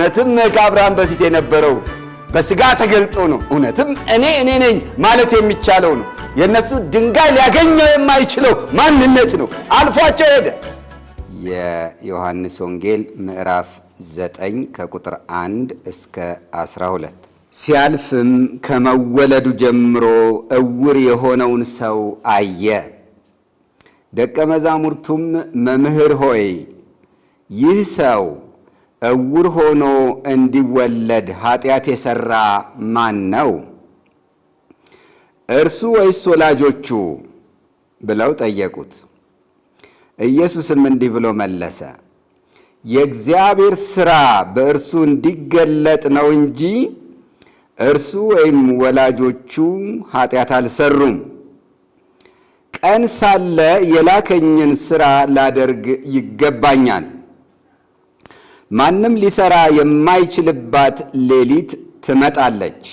እውነትም ከአብርሃም በፊት የነበረው በስጋ ተገልጦ ነው። እውነትም እኔ እኔ ነኝ ማለት የሚቻለው ነው። የእነሱ ድንጋይ ሊያገኘው የማይችለው ማንነት ነው። አልፏቸው ሄደ። የዮሐንስ ወንጌል ምዕራፍ 9 ከቁጥር 1 እስከ 12 ሲያልፍም ከመወለዱ ጀምሮ እውር የሆነውን ሰው አየ። ደቀ መዛሙርቱም መምህር ሆይ ይህ ሰው እውር ሆኖ እንዲወለድ ኃጢአት የሠራ ማን ነው? እርሱ ወይስ ወላጆቹ ብለው ጠየቁት። ኢየሱስም እንዲህ ብሎ መለሰ፣ የእግዚአብሔር ሥራ በእርሱ እንዲገለጥ ነው እንጂ እርሱ ወይም ወላጆቹ ኃጢአት አልሰሩም ቀን ሳለ የላከኝን ሥራ ላደርግ ይገባኛል ማንም ሊሰራ የማይችልባት ሌሊት ትመጣለች።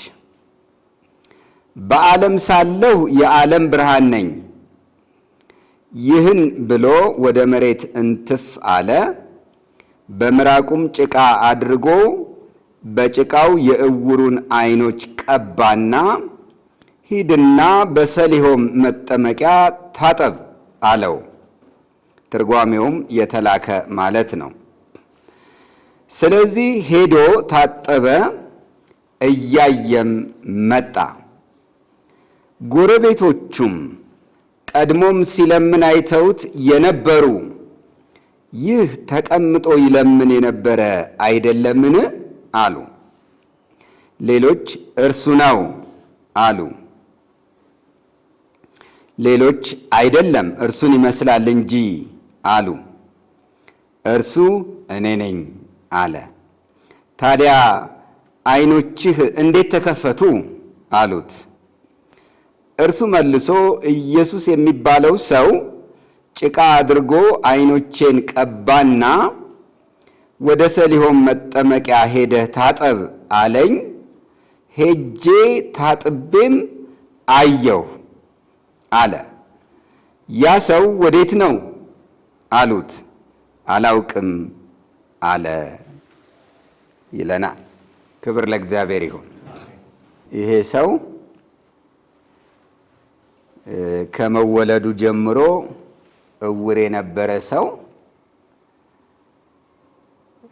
በዓለም ሳለሁ የዓለም ብርሃን ነኝ። ይህን ብሎ ወደ መሬት እንትፍ አለ። በምራቁም ጭቃ አድርጎ በጭቃው የእውሩን ዓይኖች ቀባና ሂድና በሰሊሆም መጠመቂያ ታጠብ አለው። ትርጓሜውም የተላከ ማለት ነው። ስለዚህ ሄዶ ታጠበ፣ እያየም መጣ። ጎረቤቶቹም ቀድሞም ሲለምን አይተውት የነበሩ ይህ ተቀምጦ ይለምን የነበረ አይደለምን? አሉ። ሌሎች እርሱ ነው አሉ። ሌሎች አይደለም እርሱን ይመስላል እንጂ አሉ። እርሱ እኔ ነኝ አለ። ታዲያ ዓይኖችህ እንዴት ተከፈቱ አሉት። እርሱ መልሶ ኢየሱስ የሚባለው ሰው ጭቃ አድርጎ ዓይኖቼን ቀባና ወደ ሰሊሆም መጠመቂያ ሄደህ ታጠብ አለኝ። ሄጄ ታጥቤም አየሁ አለ። ያ ሰው ወዴት ነው አሉት። አላውቅም አለ ይለናል። ክብር ለእግዚአብሔር ይሁን። ይሄ ሰው ከመወለዱ ጀምሮ እውር የነበረ ሰው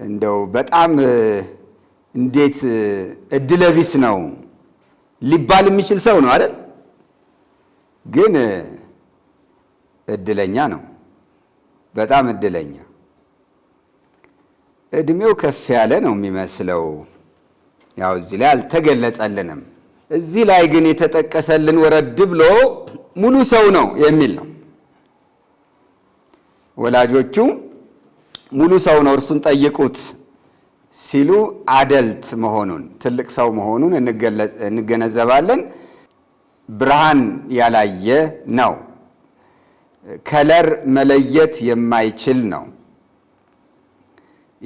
እንደው በጣም እንዴት እድለቢስ ነው ሊባል የሚችል ሰው ነው አይደል? ግን እድለኛ ነው፣ በጣም እድለኛ እድሜው ከፍ ያለ ነው የሚመስለው። ያው እዚህ ላይ አልተገለጸልንም። እዚህ ላይ ግን የተጠቀሰልን ወረድ ብሎ ሙሉ ሰው ነው የሚል ነው። ወላጆቹ ሙሉ ሰው ነው እርሱን ጠይቁት ሲሉ አደልት መሆኑን ትልቅ ሰው መሆኑን እንገነዘባለን። ብርሃን ያላየ ነው። ከለር መለየት የማይችል ነው።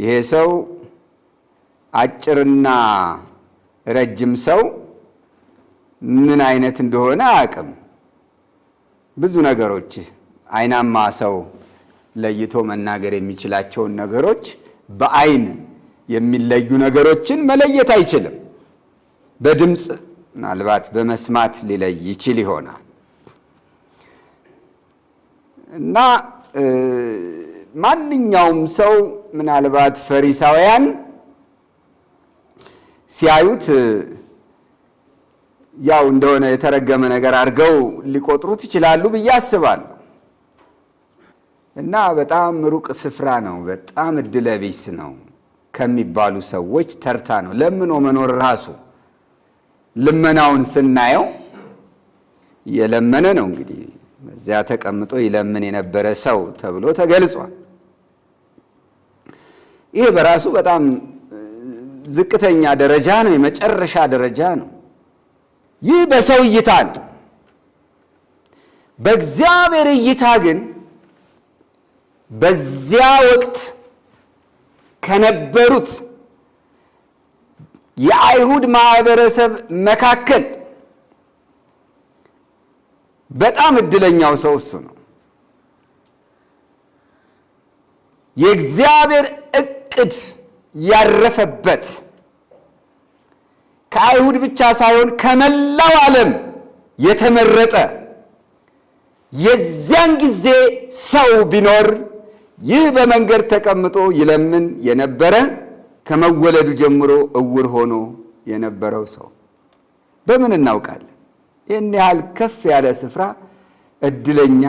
ይሄ ሰው አጭርና ረጅም ሰው ምን አይነት እንደሆነ አያውቅም። ብዙ ነገሮች አይናማ ሰው ለይቶ መናገር የሚችላቸውን ነገሮች በአይን የሚለዩ ነገሮችን መለየት አይችልም። በድምፅ ምናልባት በመስማት ሊለይ ይችል ይሆናል እና ማንኛውም ሰው ምናልባት ፈሪሳውያን ሲያዩት ያው እንደሆነ የተረገመ ነገር አድርገው ሊቆጥሩት ይችላሉ ብዬ አስባለሁ። እና በጣም ሩቅ ስፍራ ነው፣ በጣም እድለቢስ ነው ከሚባሉ ሰዎች ተርታ ነው። ለምኖ መኖር ራሱ ልመናውን ስናየው እየለመነ ነው እንግዲህ በዚያ ተቀምጦ ይለምን የነበረ ሰው ተብሎ ተገልጿል። ይሄ በራሱ በጣም ዝቅተኛ ደረጃ ነው፣ የመጨረሻ ደረጃ ነው። ይህ በሰው እይታ ነው። በእግዚአብሔር እይታ ግን በዚያ ወቅት ከነበሩት የአይሁድ ማህበረሰብ መካከል በጣም እድለኛው ሰው እሱ ነው። የእግዚአብሔር እቅድ ያረፈበት ከአይሁድ ብቻ ሳይሆን ከመላው ዓለም የተመረጠ የዚያን ጊዜ ሰው ቢኖር ይህ በመንገድ ተቀምጦ ይለምን የነበረ ከመወለዱ ጀምሮ እውር ሆኖ የነበረው ሰው በምን እናውቃለን? ይህን ያህል ከፍ ያለ ስፍራ እድለኛ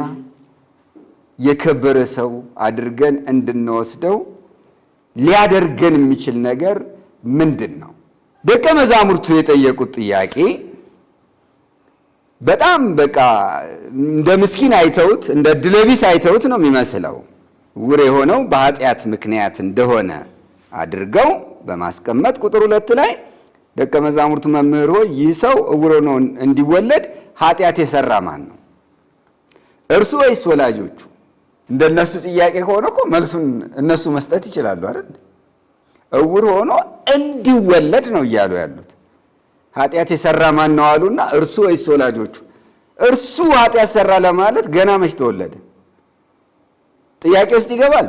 የከበረ ሰው አድርገን እንድንወስደው ሊያደርገን የሚችል ነገር ምንድን ነው? ደቀ መዛሙርቱ የጠየቁት ጥያቄ በጣም በቃ እንደ ምስኪን አይተውት እንደ ድለቢስ አይተውት ነው የሚመስለው። ውር የሆነው በኃጢአት ምክንያት እንደሆነ አድርገው በማስቀመጥ ቁጥር ሁለት ላይ ደቀ መዛሙርቱ መምህር ሆይ ይህ ሰው እውር ሆኖ እንዲወለድ ኃጢአት የሰራ ማን ነው? እርሱ ወይስ ወላጆቹ? እንደነሱ ጥያቄ ከሆነ እኮ መልሱን እነሱ መስጠት ይችላሉ አይደል? እውር ሆኖ እንዲወለድ ነው እያሉ ያሉት። ኃጢአት የሰራ ማን ነው አሉና እርሱ ወይስ ወላጆቹ? እርሱ ኃጢአት ሰራ ለማለት ገና መች ተወለደ? ጥያቄ ውስጥ ይገባል።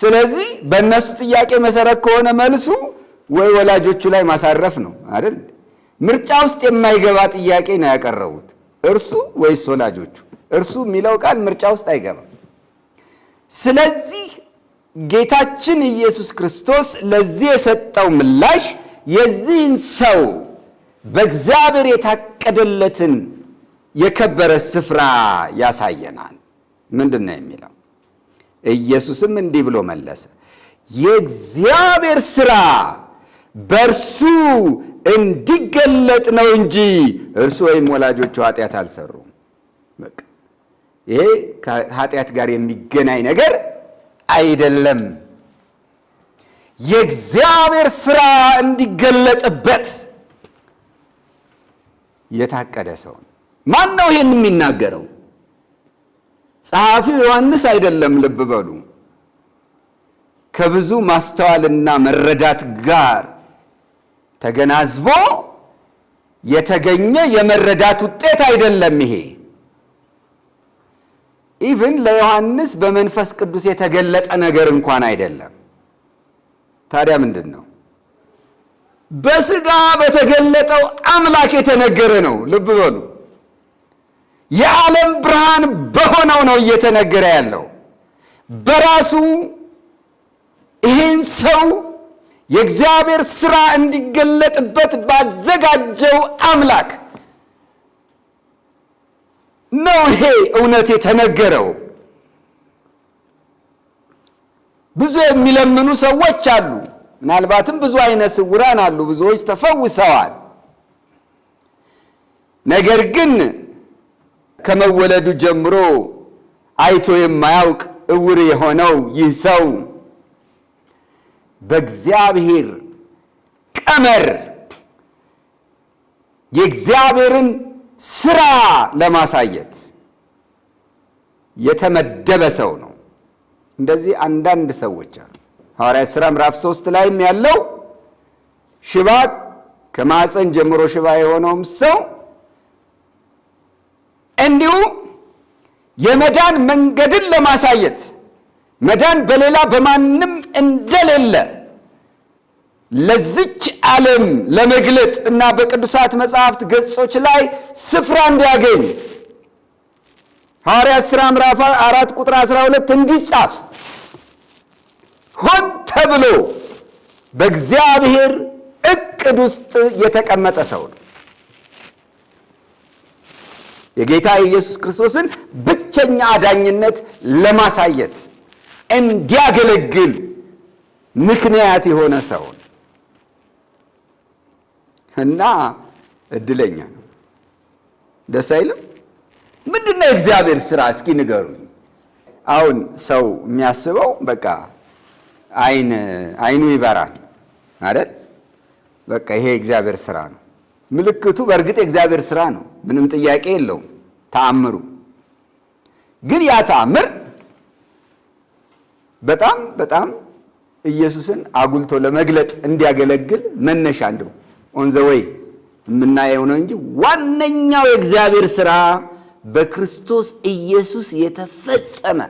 ስለዚህ በእነሱ ጥያቄ መሰረት ከሆነ መልሱ ወይ ወላጆቹ ላይ ማሳረፍ ነው አይደል? ምርጫ ውስጥ የማይገባ ጥያቄ ነው ያቀረቡት፣ እርሱ ወይስ ወላጆቹ? እርሱ የሚለው ቃል ምርጫ ውስጥ አይገባም። ስለዚህ ጌታችን ኢየሱስ ክርስቶስ ለዚህ የሰጠው ምላሽ የዚህን ሰው በእግዚአብሔር የታቀደለትን የከበረ ስፍራ ያሳየናል። ምንድን ነው የሚለው? ኢየሱስም እንዲህ ብሎ መለሰ፣ የእግዚአብሔር ሥራ በእርሱ እንዲገለጥ ነው እንጂ እርሱ ወይም ወላጆቹ ኃጢአት አልሰሩም። ይሄ ከኃጢአት ጋር የሚገናኝ ነገር አይደለም። የእግዚአብሔር ሥራ እንዲገለጥበት የታቀደ ሰው ነው። ማን ነው ይሄን የሚናገረው? ጸሐፊው ዮሐንስ አይደለም። ልብ በሉ። ከብዙ ማስተዋልና መረዳት ጋር ተገናዝቦ የተገኘ የመረዳት ውጤት አይደለም ይሄ ኢቭን ለዮሐንስ በመንፈስ ቅዱስ የተገለጠ ነገር እንኳን አይደለም። ታዲያ ምንድን ነው? በስጋ በተገለጠው አምላክ የተነገረ ነው። ልብ በሉ። የዓለም ብርሃን በሆነው ነው እየተነገረ ያለው። በራሱ ይህን ሰው የእግዚአብሔር ሥራ እንዲገለጥበት ባዘጋጀው አምላክ ነው ይሄ እውነት የተነገረው። ብዙ የሚለምኑ ሰዎች አሉ። ምናልባትም ብዙ አይነ ስውራን አሉ። ብዙዎች ተፈውሰዋል። ነገር ግን ከመወለዱ ጀምሮ አይቶ የማያውቅ እውር የሆነው ይህ ሰው በእግዚአብሔር ቀመር የእግዚአብሔርን ስራ ለማሳየት የተመደበ ሰው ነው። እንደዚህ አንዳንድ ሰዎች አሉ። ሐዋርያት ሥራ ምዕራፍ ሦስት ላይም ያለው ሽባ ከማፀን ጀምሮ ሽባ የሆነውም ሰው እንዲሁ የመዳን መንገድን ለማሳየት መዳን በሌላ በማንም እንደሌለ ለዚች ዓለም ለመግለጥ እና በቅዱሳት መጽሐፍት ገጾች ላይ ስፍራ እንዲያገኝ ሐዋርያት ሥራ ምዕራፍ አራት ቁጥር 12 እንዲጻፍ ሆን ተብሎ በእግዚአብሔር እቅድ ውስጥ የተቀመጠ ሰው ነው። የጌታ የኢየሱስ ክርስቶስን ብቸኛ አዳኝነት ለማሳየት እንዲያገለግል ምክንያት የሆነ ሰው ነው። እና እድለኛ ነው። ደስ አይልም? ምንድን ነው የእግዚአብሔር ስራ? እስኪ ንገሩኝ። አሁን ሰው የሚያስበው በቃ አይን አይኑ ይበራል አይደል? በቃ ይሄ የእግዚአብሔር ስራ ነው። ምልክቱ በእርግጥ የእግዚአብሔር ስራ ነው፣ ምንም ጥያቄ የለውም። ተአምሩ ግን ያ ተአምር በጣም በጣም ኢየሱስን አጉልቶ ለመግለጥ እንዲያገለግል መነሻ እንደው ኦንዘወይ የምናየው ነው እንጂ ዋነኛው የእግዚአብሔር ስራ በክርስቶስ ኢየሱስ የተፈጸመ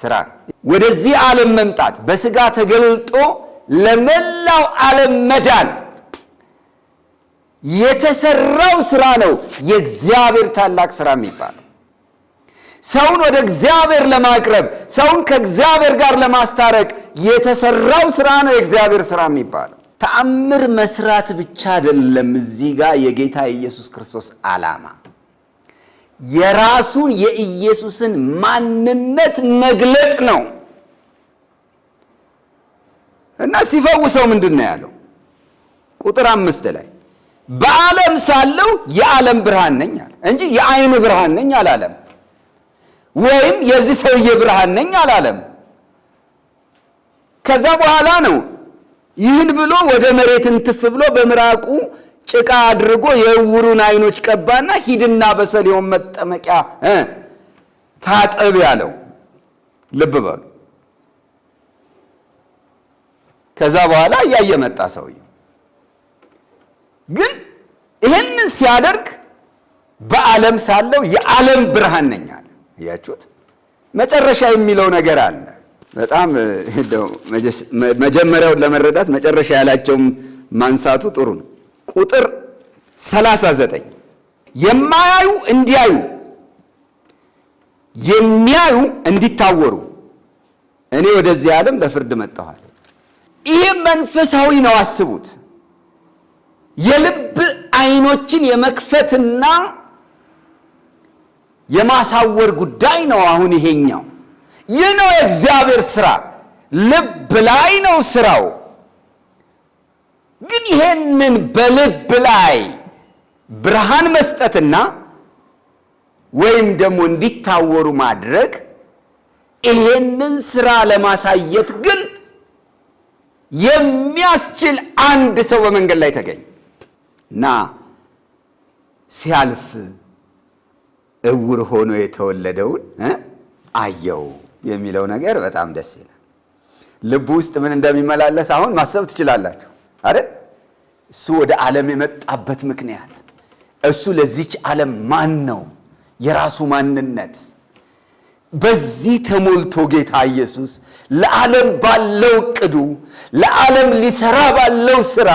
ስራ ወደዚህ ዓለም መምጣት በስጋ ተገልጦ ለመላው ዓለም መዳን የተሰራው ስራ ነው የእግዚአብሔር ታላቅ ስራ የሚባለው። ሰውን ወደ እግዚአብሔር ለማቅረብ ሰውን ከእግዚአብሔር ጋር ለማስታረቅ የተሰራው ስራ ነው የእግዚአብሔር ስራ የሚባለው። ተአምር መስራት ብቻ አይደለም። እዚህ ጋር የጌታ የኢየሱስ ክርስቶስ ዓላማ የራሱን የኢየሱስን ማንነት መግለጥ ነው እና ሲፈውሰው ምንድን ነው ያለው? ቁጥር አምስት ላይ በዓለም ሳለው የዓለም ብርሃን ነኝ አለ እንጂ የአይኑ ብርሃን ነኝ አላለም። ወይም የዚህ ሰውዬ ብርሃን ነኝ አላለም። ከዛ በኋላ ነው ይህን ብሎ ወደ መሬት እንትፍ ብሎ በምራቁ ጭቃ አድርጎ የዕውሩን አይኖች ቀባና ሂድና በሰሊሆም መጠመቂያ ታጠብ ያለው። ልብ በሉ። ከዛ በኋላ እያየ መጣ ሰውዬው። ግን ይህንን ሲያደርግ በዓለም ሳለው የዓለም ብርሃን ነኝ አለ። እያችሁት መጨረሻ የሚለው ነገር አለ። በጣም መጀመሪያውን ለመረዳት መጨረሻ ያላቸውም ማንሳቱ ጥሩ ነው። ቁጥር 39 የማያዩ እንዲያዩ የሚያዩ እንዲታወሩ እኔ ወደዚህ ዓለም ለፍርድ መጣኋል። ይሄ መንፈሳዊ ነው። አስቡት። የልብ አይኖችን የመክፈትና የማሳወር ጉዳይ ነው። አሁን ይሄኛው ይህ ነው የእግዚአብሔር ስራ። ልብ ላይ ነው ስራው። ግን ይሄንን በልብ ላይ ብርሃን መስጠትና ወይም ደግሞ እንዲታወሩ ማድረግ ይሄንን ስራ ለማሳየት ግን የሚያስችል አንድ ሰው በመንገድ ላይ ተገኝ እና ሲያልፍ እውር ሆኖ የተወለደውን አየው። የሚለው ነገር በጣም ደስ ይላል። ልብ ውስጥ ምን እንደሚመላለስ አሁን ማሰብ ትችላላችሁ አይደል? እሱ ወደ ዓለም የመጣበት ምክንያት እሱ ለዚች ዓለም ማን ነው፣ የራሱ ማንነት በዚህ ተሞልቶ ጌታ ኢየሱስ ለዓለም ባለው ቅዱ ለዓለም ሊሰራ ባለው ስራ፣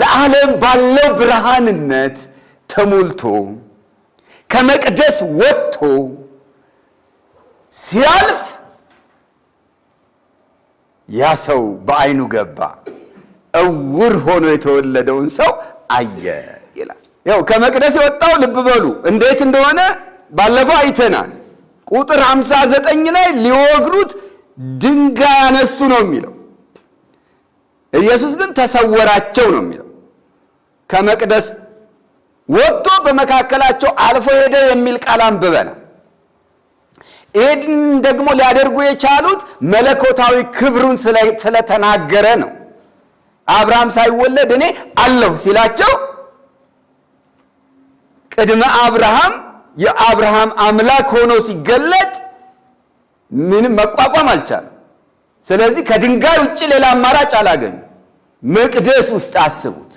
ለዓለም ባለው ብርሃንነት ተሞልቶ ከመቅደስ ወጥቶ ሲያልፍ ያ ሰው በአይኑ ገባ፣ እውር ሆኖ የተወለደውን ሰው አየ ይላል። ያው ከመቅደስ የወጣው ልብ በሉ እንዴት እንደሆነ ባለፈው አይተናል። ቁጥር 59 ላይ ሊወግሩት ድንጋይ አነሱ ነው የሚለው። ኢየሱስ ግን ተሰወራቸው ነው የሚለው። ከመቅደስ ወጥቶ በመካከላቸው አልፎ ሄደ የሚል ቃል አንብበናል። ይህን ደግሞ ሊያደርጉ የቻሉት መለኮታዊ ክብሩን ስለተናገረ ነው። አብርሃም ሳይወለድ እኔ አለሁ ሲላቸው ቅድመ አብርሃም የአብርሃም አምላክ ሆኖ ሲገለጥ ምንም መቋቋም አልቻለም። ስለዚህ ከድንጋይ ውጭ ሌላ አማራጭ አላገኙ። መቅደስ ውስጥ አስቡት፣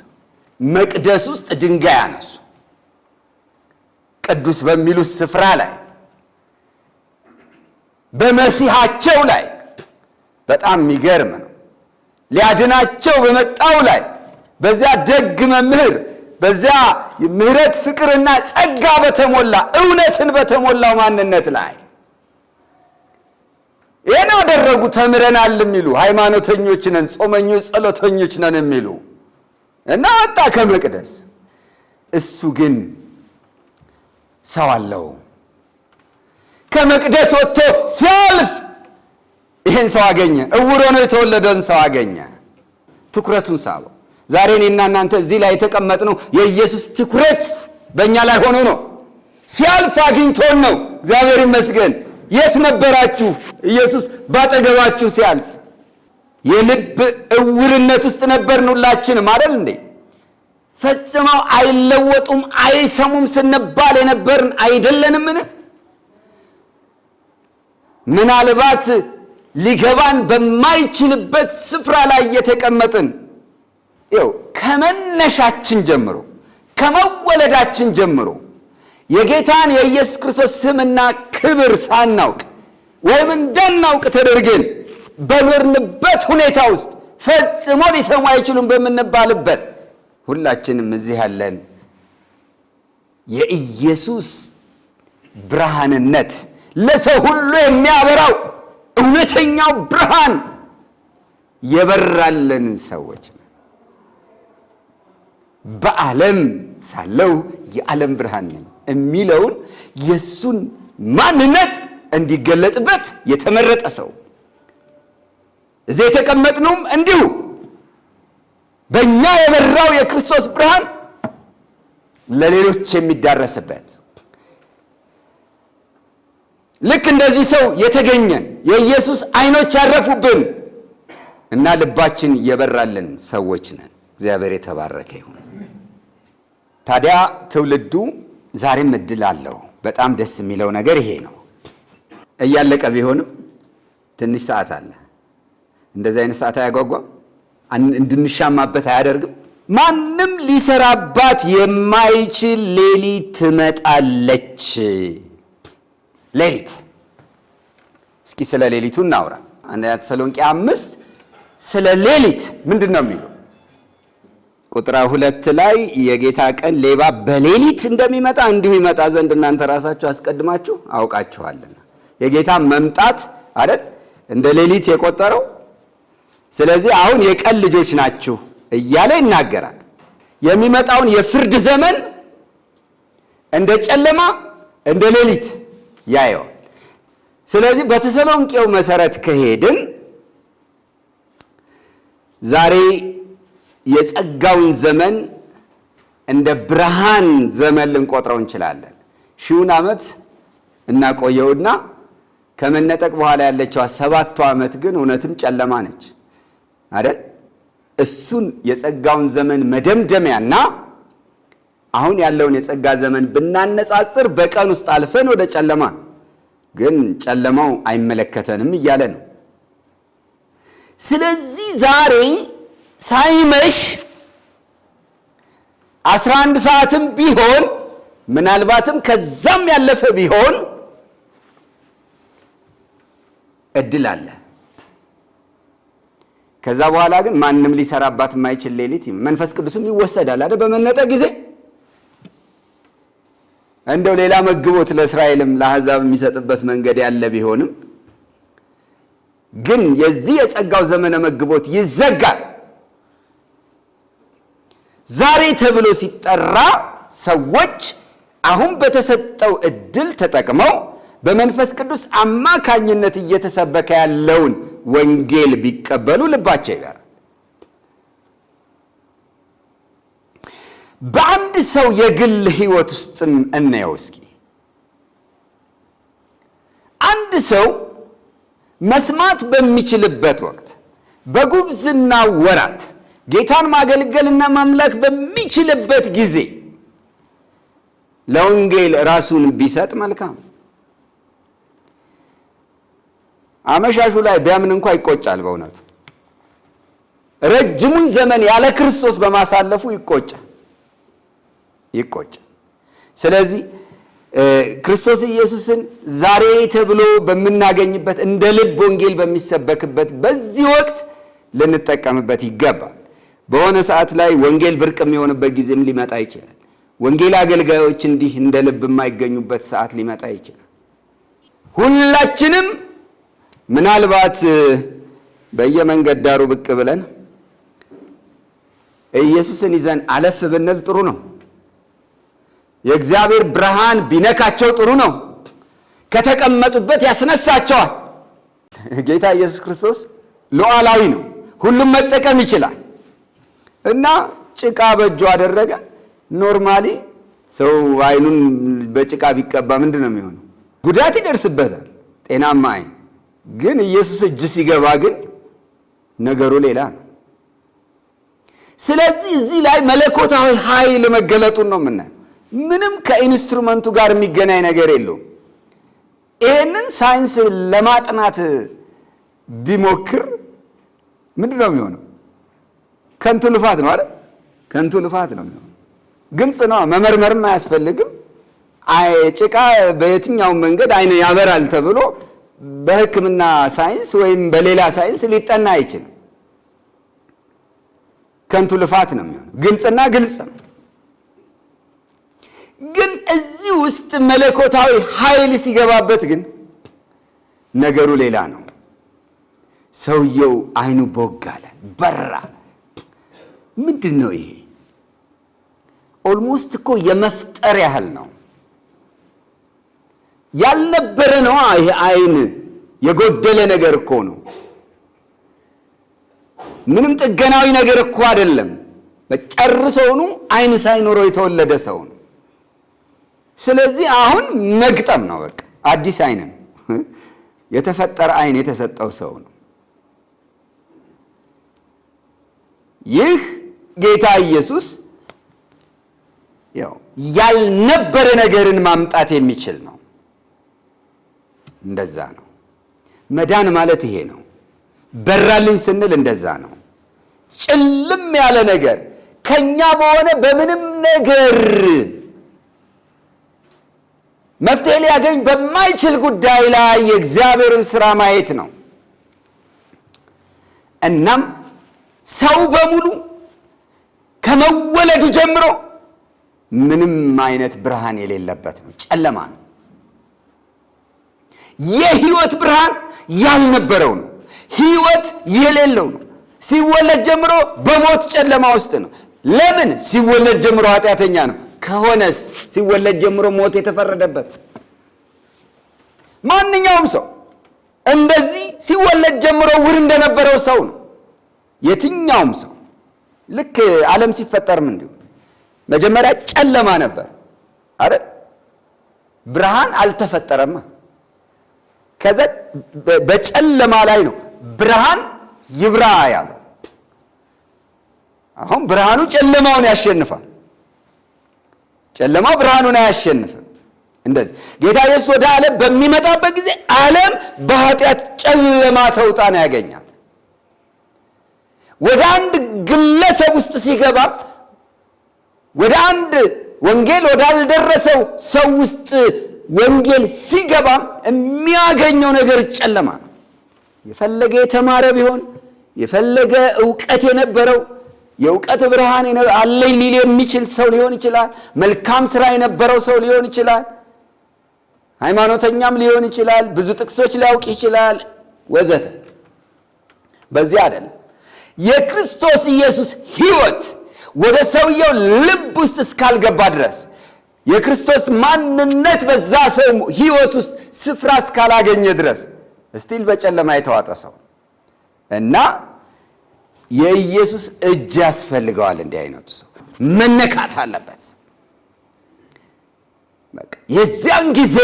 መቅደስ ውስጥ ድንጋይ አነሱ። ቅዱስ በሚሉት ስፍራ ላይ በመሲሃቸው ላይ በጣም የሚገርም ነው። ሊያድናቸው በመጣው ላይ በዚያ ደግ መምህር በዚያ ምሕረት ፍቅርና ጸጋ በተሞላ እውነትን በተሞላው ማንነት ላይ ይህን አደረጉ። ተምረናል የሚሉ ሃይማኖተኞች ነን፣ ጾመኞች፣ ጸሎተኞች ነን የሚሉ እና ወጣ ከመቅደስ እሱ ግን ሰው አለው። ከመቅደስ ወጥቶ ሲያልፍ ይህን ሰው አገኘ። እውሮ ነው የተወለደውን ሰው አገኘ። ትኩረቱን ሳበው። ዛሬ እኔና እናንተ እዚህ ላይ የተቀመጥነው የኢየሱስ ትኩረት በእኛ ላይ ሆኖ ነው። ሲያልፍ አግኝቶን ነው። እግዚአብሔር ይመስገን። የት ነበራችሁ? ኢየሱስ ባጠገባችሁ ሲያልፍ የልብ እውርነት ውስጥ ነበርን ሁላችንም አደል እንዴ? ፈጽመው አይለወጡም አይሰሙም ስንባል የነበርን አይደለንምን? ምናልባት ሊገባን በማይችልበት ስፍራ ላይ የተቀመጥን ው ከመነሻችን ጀምሮ ከመወለዳችን ጀምሮ የጌታን የኢየሱስ ክርስቶስ ስምና ክብር ሳናውቅ ወይም እንዳናውቅ ተደርገን በኖርንበት ሁኔታ ውስጥ ፈጽሞ ሊሰሙ አይችሉም በምንባልበት ሁላችንም እዚህ ያለን የኢየሱስ ብርሃንነት ለሰው ሁሉ የሚያበራው እውነተኛው ብርሃን የበራለን ሰዎች በዓለም ሳለው የዓለም ብርሃን ነኝ የሚለውን የእሱን ማንነት እንዲገለጥበት የተመረጠ ሰው እዚህ የተቀመጥነውም እንዲሁ በእኛ የበራው የክርስቶስ ብርሃን ለሌሎች የሚዳረስበት ልክ እንደዚህ ሰው የተገኘን የኢየሱስ አይኖች ያረፉብን እና ልባችን እየበራልን ሰዎች ነን። እግዚአብሔር የተባረከ ይሁን። ታዲያ ትውልዱ ዛሬም እድል አለው። በጣም ደስ የሚለው ነገር ይሄ ነው። እያለቀ ቢሆንም ትንሽ ሰዓት አለ። እንደዚህ አይነት ሰዓት አያጓጓም? እንድንሻማበት አያደርግም? ማንም ሊሰራባት የማይችል ሌሊት ትመጣለች። ሌሊት እስኪ ስለ ሌሊቱ እናውራ። አንደኛ ተሰሎንቄ አምስት ስለ ሌሊት ምንድን ነው የሚለው? ቁጥር ሁለት ላይ የጌታ ቀን ሌባ በሌሊት እንደሚመጣ እንዲሁ ይመጣ ዘንድ እናንተ ራሳችሁ አስቀድማችሁ አውቃችኋልና። የጌታ መምጣት አይደል እንደ ሌሊት የቆጠረው። ስለዚህ አሁን የቀን ልጆች ናችሁ እያለ ይናገራል። የሚመጣውን የፍርድ ዘመን እንደ ጨለማ እንደ ሌሊት ያየዋል። ስለዚህ በተሰሎንቄው መሰረት ከሄድን ዛሬ የጸጋውን ዘመን እንደ ብርሃን ዘመን ልንቆጥረው እንችላለን። ሺውን ዓመት እናቆየውና ከመነጠቅ በኋላ ያለችዋ ሰባቱ ዓመት ግን እውነትም ጨለማ ነች አይደል? እሱን የጸጋውን ዘመን መደምደሚያና አሁን ያለውን የጸጋ ዘመን ብናነጻጽር በቀን ውስጥ አልፈን ወደ ጨለማ ግን ጨለማው አይመለከተንም እያለ ነው። ስለዚህ ዛሬ ሳይመሽ አስራ አንድ ሰዓትም ቢሆን ምናልባትም ከዛም ያለፈ ቢሆን እድል አለ። ከዛ በኋላ ግን ማንም ሊሰራባት የማይችል ሌሊት መንፈስ ቅዱስም ይወሰዳል አይደል? በመነጠ ጊዜ እንደው ሌላ መግቦት ለእስራኤልም ለአሕዛብ የሚሰጥበት መንገድ ያለ ቢሆንም ግን የዚህ የጸጋው ዘመነ መግቦት ይዘጋል። ዛሬ ተብሎ ሲጠራ ሰዎች አሁን በተሰጠው እድል ተጠቅመው በመንፈስ ቅዱስ አማካኝነት እየተሰበከ ያለውን ወንጌል ቢቀበሉ ልባቸው ይበራል። በአንድ ሰው የግል ህይወት ውስጥም እናየው እስኪ። አንድ ሰው መስማት በሚችልበት ወቅት፣ በጉብዝና ወራት፣ ጌታን ማገልገልና ማምለክ በሚችልበት ጊዜ ለወንጌል ራሱን ቢሰጥ መልካም። አመሻሹ ላይ ቢያምን እንኳ ይቆጫል። በእውነቱ ረጅሙን ዘመን ያለ ክርስቶስ በማሳለፉ ይቆጫል። ይቆጭ። ስለዚህ ክርስቶስ ኢየሱስን ዛሬ ተብሎ በምናገኝበት እንደ ልብ ወንጌል በሚሰበክበት በዚህ ወቅት ልንጠቀምበት ይገባል። በሆነ ሰዓት ላይ ወንጌል ብርቅ የሚሆንበት ጊዜም ሊመጣ ይችላል። ወንጌል አገልጋዮች እንዲህ እንደ ልብ የማይገኙበት ሰዓት ሊመጣ ይችላል። ሁላችንም ምናልባት በየመንገድ ዳሩ ብቅ ብለን ኢየሱስን ይዘን አለፍ ብንል ጥሩ ነው። የእግዚአብሔር ብርሃን ቢነካቸው ጥሩ ነው። ከተቀመጡበት ያስነሳቸዋል። ጌታ ኢየሱስ ክርስቶስ ሉዓላዊ ነው። ሁሉም መጠቀም ይችላል እና ጭቃ በእጁ አደረገ። ኖርማሊ ሰው አይኑን በጭቃ ቢቀባ ምንድ ነው የሚሆነው? ጉዳት ይደርስበታል። ጤናማ አይን ግን ኢየሱስ እጅ ሲገባ ግን ነገሩ ሌላ ነው። ስለዚህ እዚህ ላይ መለኮታዊ ኃይል መገለጡን ነው የምናየው። ምንም ከኢንስትሩመንቱ ጋር የሚገናኝ ነገር የለውም። ይህንን ሳይንስ ለማጥናት ቢሞክር ምንድን ነው የሚሆነው? ከንቱ ልፋት ነው አይደል? ከንቱ ልፋት ነው የሚሆነው። ግልጽ ነው። መመርመርም አያስፈልግም። ጭቃ በየትኛውም መንገድ አይን ያበራል ተብሎ በሕክምና ሳይንስ ወይም በሌላ ሳይንስ ሊጠና አይችልም። ከንቱ ልፋት ነው የሚሆነው። ግልጽና ግልጽ ነው። ግን እዚህ ውስጥ መለኮታዊ ኃይል ሲገባበት ግን ነገሩ ሌላ ነው። ሰውየው አይኑ ቦግ አለ፣ በራ። ምንድን ነው ይሄ? ኦልሞስት እኮ የመፍጠር ያህል ነው። ያልነበረ ነዋ ይሄ አይን፣ የጎደለ ነገር እኮ ነው። ምንም ጥገናዊ ነገር እኮ አይደለም። በጨርሶውኑ አይን ሳይኖረው የተወለደ ሰው ነው። ስለዚህ አሁን መግጠም ነው። በቃ አዲስ አይን ነው የተፈጠረ አይን የተሰጠው ሰው ነው። ይህ ጌታ ኢየሱስ ያው ያልነበረ ነገርን ማምጣት የሚችል ነው። እንደዛ ነው መዳን ማለት ይሄ ነው። በራልኝ ስንል እንደዛ ነው። ጭልም ያለ ነገር ከኛ በሆነ በምንም ነገር መፍትሄ ሊያገኝ በማይችል ጉዳይ ላይ የእግዚአብሔርን ሥራ ማየት ነው። እናም ሰው በሙሉ ከመወለዱ ጀምሮ ምንም አይነት ብርሃን የሌለበት ነው፣ ጨለማ ነው። የህይወት ብርሃን ያልነበረው ነው፣ ህይወት የሌለው ነው። ሲወለድ ጀምሮ በሞት ጨለማ ውስጥ ነው። ለምን? ሲወለድ ጀምሮ ኃጢአተኛ ነው። ከሆነስ ሲወለድ ጀምሮ ሞት የተፈረደበት ማንኛውም ሰው እንደዚህ ሲወለድ ጀምሮ ውር እንደነበረው ሰው ነው። የትኛውም ሰው ልክ ዓለም ሲፈጠርም እንዲሁ መጀመሪያ ጨለማ ነበር አረ ብርሃን አልተፈጠረማ። ከዛ በጨለማ ላይ ነው ብርሃን ይብራ ያለው። አሁን ብርሃኑ ጨለማውን ያሸንፋል። ጨለማ ብርሃኑን አያሸንፍም። እንደዚህ ጌታ ኢየሱስ ወደ ዓለም በሚመጣበት ጊዜ ዓለም በኃጢአት ጨለማ ተውጣን ያገኛት። ወደ አንድ ግለሰብ ውስጥ ሲገባ ወደ አንድ ወንጌል ወዳልደረሰው ሰው ውስጥ ወንጌል ሲገባ የሚያገኘው ነገር ጨለማ ነው። የፈለገ የተማረ ቢሆን የፈለገ እውቀት የነበረው የእውቀት ብርሃን አለኝ ሊል የሚችል ሰው ሊሆን ይችላል። መልካም ስራ የነበረው ሰው ሊሆን ይችላል። ሃይማኖተኛም ሊሆን ይችላል። ብዙ ጥቅሶች ሊያውቅ ይችላል ወዘተ። በዚህ አይደለም። የክርስቶስ ኢየሱስ ሕይወት ወደ ሰውየው ልብ ውስጥ እስካልገባ ድረስ የክርስቶስ ማንነት በዛ ሰው ሕይወት ውስጥ ስፍራ እስካላገኘ ድረስ እስቲል በጨለማ የተዋጠ ሰው እና የኢየሱስ እጅ ያስፈልገዋል። እንዲህ አይነቱ ሰው መነካት አለበት። የዚያን ጊዜ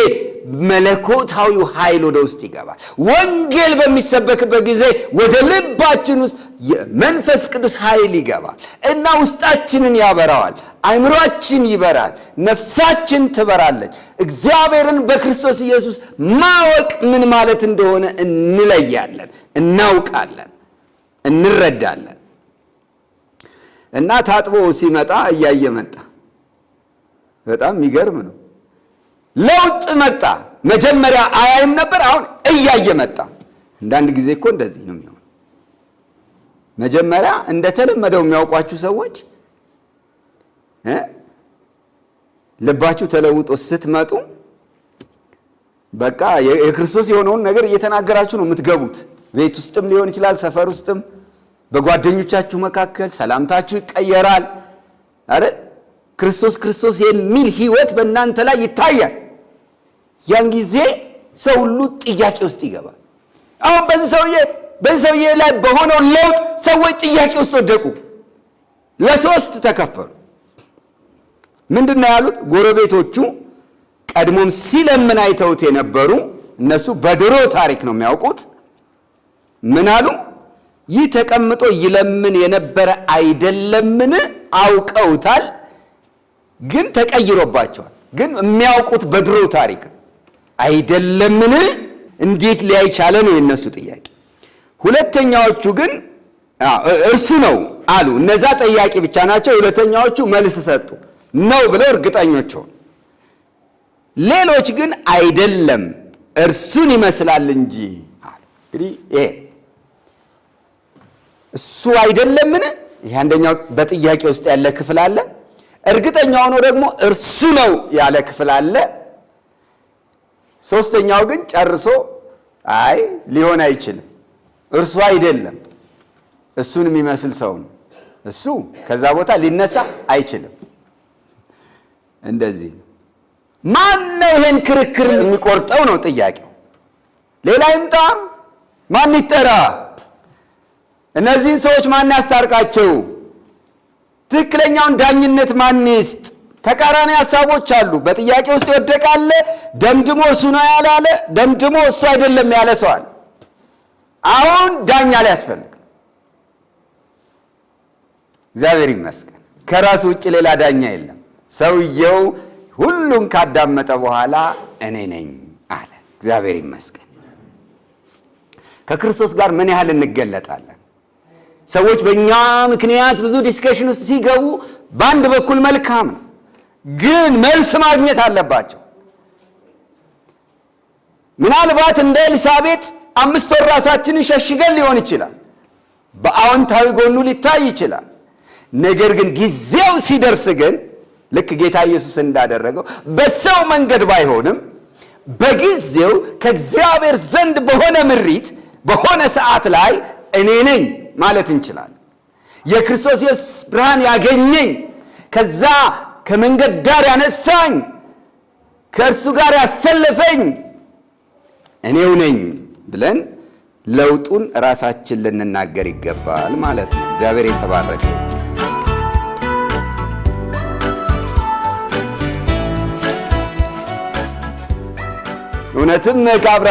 መለኮታዊው ኃይል ወደ ውስጥ ይገባል። ወንጌል በሚሰበክበት ጊዜ ወደ ልባችን ውስጥ የመንፈስ ቅዱስ ኃይል ይገባል እና ውስጣችንን ያበራዋል። አይምሯችን ይበራል፣ ነፍሳችን ትበራለች። እግዚአብሔርን በክርስቶስ ኢየሱስ ማወቅ ምን ማለት እንደሆነ እንለያለን፣ እናውቃለን። እንረዳለን። እና ታጥቦ ሲመጣ እያየ መጣ። በጣም የሚገርም ነው። ለውጥ መጣ። መጀመሪያ አያይም ነበር፣ አሁን እያየ መጣ። አንዳንድ ጊዜ እኮ እንደዚህ ነው የሚሆነው። መጀመሪያ እንደተለመደው የሚያውቋችሁ ሰዎች ልባችሁ ተለውጦ ስትመጡ በቃ የክርስቶስ የሆነውን ነገር እየተናገራችሁ ነው የምትገቡት። ቤት ውስጥም ሊሆን ይችላል፣ ሰፈር ውስጥም በጓደኞቻችሁ መካከል ሰላምታችሁ ይቀየራል አረ ክርስቶስ ክርስቶስ የሚል ህይወት በእናንተ ላይ ይታያል። ያን ጊዜ ሰው ሁሉ ጥያቄ ውስጥ ይገባል። አሁን በዚህ ሰውዬ በዚህ ሰውዬ ላይ በሆነው ለውጥ ሰዎች ጥያቄ ውስጥ ወደቁ። ለሶስት ተከፈሉ። ምንድን ነው ያሉት? ጎረቤቶቹ ቀድሞም ሲለምን አይተውት የነበሩ እነሱ በድሮ ታሪክ ነው የሚያውቁት። ምን አሉ? ይህ ተቀምጦ ይለምን የነበረ አይደለምን? አውቀውታል፣ ግን ተቀይሮባቸዋል። ግን የሚያውቁት በድሮ ታሪክ አይደለምን? እንዴት ሊያይቻለ ነው የነሱ ጥያቄ። ሁለተኛዎቹ ግን እርሱ ነው አሉ። እነዛ ጠያቂ ብቻ ናቸው። ሁለተኛዎቹ መልስ ሰጡ፣ ነው ብለው እርግጠኞች ሆኑ። ሌሎች ግን አይደለም እርሱን ይመስላል እንጂ አሉ። እንግዲህ ይሄ እሱ አይደለምን? ይህ አንደኛው በጥያቄ ውስጥ ያለ ክፍል አለ። እርግጠኛ ሆኖ ደግሞ እርሱ ነው ያለ ክፍል አለ። ሶስተኛው ግን ጨርሶ አይ ሊሆን አይችልም፣ እርሱ አይደለም፣ እሱን የሚመስል ሰው ነው፣ እሱ ከዛ ቦታ ሊነሳ አይችልም። እንደዚህ ማን ነው ይሄን ክርክር የሚቆርጠው ነው ጥያቄው። ሌላ ይምጣ፣ ማን ይጠራ? እነዚህን ሰዎች ማን ያስታርቃቸው? ትክክለኛውን ዳኝነት ማን ይስጥ? ተቃራኒ ሀሳቦች አሉ። በጥያቄ ውስጥ ይወደቃለ። ደምድሞ እሱ ነው ያላለ ደምድሞ እሱ አይደለም ያለ ሰዋል። አሁን ዳኛ ላይ ያስፈልግ። እግዚአብሔር ይመስገን ከራሱ ውጭ ሌላ ዳኛ የለም። ሰውየው ሁሉን ካዳመጠ በኋላ እኔ ነኝ አለ። እግዚአብሔር ይመስገን። ከክርስቶስ ጋር ምን ያህል እንገለጣለን? ሰዎች በእኛ ምክንያት ብዙ ዲስከሽን ውስጥ ሲገቡ በአንድ በኩል መልካም ነው፣ ግን መልስ ማግኘት አለባቸው። ምናልባት እንደ ኤልሳቤጥ አምስት ወር ራሳችንን ሸሽገን ሊሆን ይችላል። በአዎንታዊ ጎኑ ሊታይ ይችላል። ነገር ግን ጊዜው ሲደርስ ግን ልክ ጌታ ኢየሱስ እንዳደረገው በሰው መንገድ ባይሆንም በጊዜው ከእግዚአብሔር ዘንድ በሆነ ምሪት በሆነ ሰዓት ላይ እኔ ነኝ ማለት እንችላለን። የክርስቶስ ኢየሱስ ብርሃን ያገኘኝ፣ ከዛ ከመንገድ ዳር ያነሳኝ፣ ከእርሱ ጋር ያሰለፈኝ እኔው ነኝ ብለን ለውጡን ራሳችን ልንናገር ይገባል ማለት ነው። እግዚአብሔር የተባረከ እውነትም ከአብርሃም